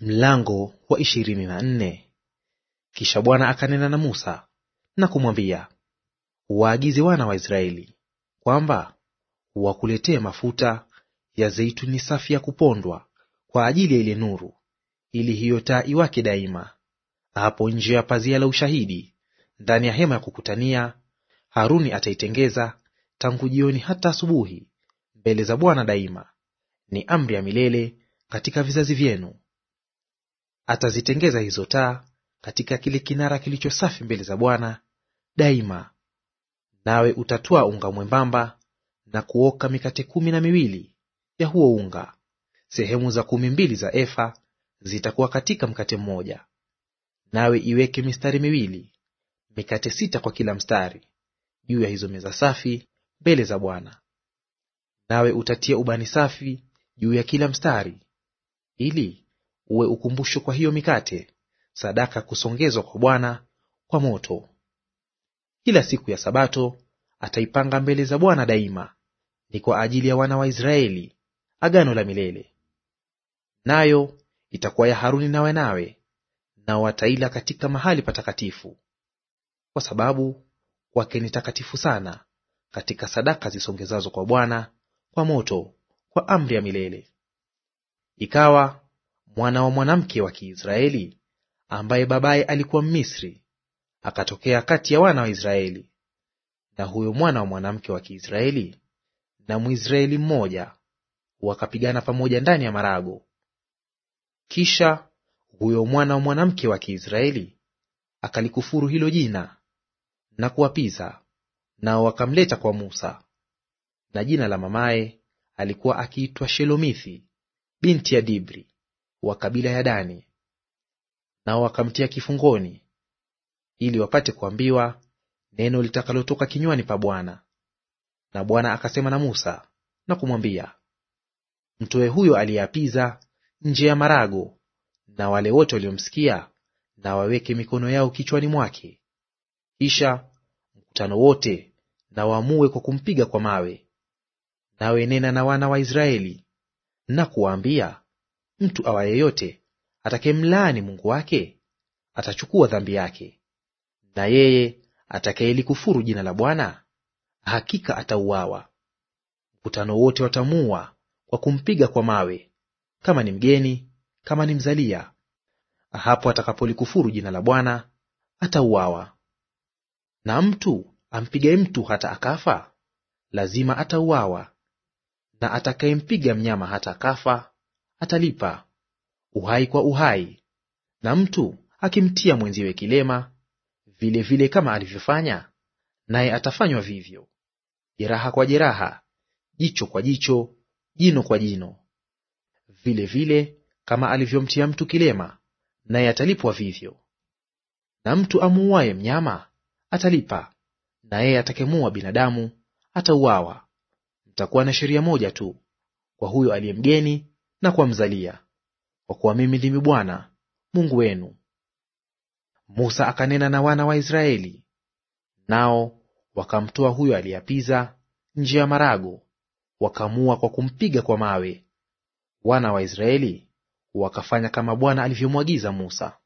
Mlango wa ishirini na nne. Kisha Bwana akanena na Musa na kumwambia, waagize wana wa Israeli kwamba wakuletee mafuta ya zeituni safi ya kupondwa kwa ajili ya ile nuru, ili hiyo taa iwake daima. Hapo nje ya pazia la ushahidi ndani ya hema ya kukutania, Haruni ataitengeza tangu jioni hata asubuhi mbele za Bwana daima; ni amri ya milele katika vizazi vyenu Atazitengeza hizo taa katika kile kinara kilicho safi mbele za Bwana daima. Nawe utatwaa unga mwembamba na kuoka mikate kumi na miwili ya huo unga, sehemu za kumi mbili za efa zitakuwa katika mkate mmoja. Nawe iweke mistari miwili, mikate sita kwa kila mstari, juu ya hizo meza safi mbele za Bwana. Nawe utatia ubani safi juu ya kila mstari, ili uwe ukumbusho kwa hiyo mikate, sadaka kusongezwa kwa Bwana kwa moto. Kila siku ya Sabato ataipanga mbele za Bwana daima, ni kwa ajili ya wana wa Israeli, agano la milele. Nayo itakuwa ya Haruni na wanawe, nao wataila katika mahali patakatifu, kwa sababu kwake ni takatifu sana, katika sadaka zisongezazo kwa Bwana kwa moto, kwa amri ya milele. Ikawa mwana wa mwanamke wa Kiisraeli ambaye babaye alikuwa Mmisri, akatokea kati ya wana wa Israeli. Na huyo mwana wa mwanamke wa Kiisraeli na Mwisraeli mmoja wakapigana pamoja ndani ya marago. Kisha huyo mwana wa mwanamke wa Kiisraeli akalikufuru hilo jina na kuwapiza, nao wakamleta kwa Musa. Na jina la mamaye alikuwa akiitwa Shelomithi binti ya Dibri wa kabila ya Dani, nao wakamtia kifungoni ili wapate kuambiwa neno litakalotoka kinywani pa Bwana. Na Bwana akasema na Musa na kumwambia, mtoe huyo aliyeapiza nje ya marago, na wale wote waliomsikia na waweke mikono yao kichwani mwake, kisha mkutano wote na waamue kwa kumpiga kwa mawe. Nawe nena na wana wa Israeli na kuwaambia, Mtu awa yeyote atakayemlaani Mungu wake atachukua dhambi yake, na yeye atakayelikufuru jina la Bwana hakika atauawa. Mkutano wote watamuua kwa kumpiga kwa mawe, kama ni mgeni, kama ni mzalia; hapo atakapolikufuru jina la Bwana atauawa. Na mtu ampiga mtu hata akafa lazima atauawa, na atakayempiga mnyama hata akafa atalipa uhai kwa uhai, na mtu akimtia mwenziwe kilema vilevile vile kama alivyofanya naye atafanywa vivyo. Jeraha kwa jeraha, jicho kwa jicho, jino kwa jino, vile vile kama alivyomtia mtu kilema naye atalipwa vivyo. Na mtu amuuaye mnyama atalipa, na yeye atakemua binadamu atauawa. Mtakuwa na sheria moja tu kwa huyo aliye mgeni na kuwamzalia, kwa kuwa mimi ndimi Bwana Mungu wenu. Musa akanena na wana wa Israeli, nao wakamtoa huyo aliyeapiza nje ya marago, wakamua kwa kumpiga kwa mawe. Wana wa Israeli wakafanya kama Bwana alivyomwagiza Musa.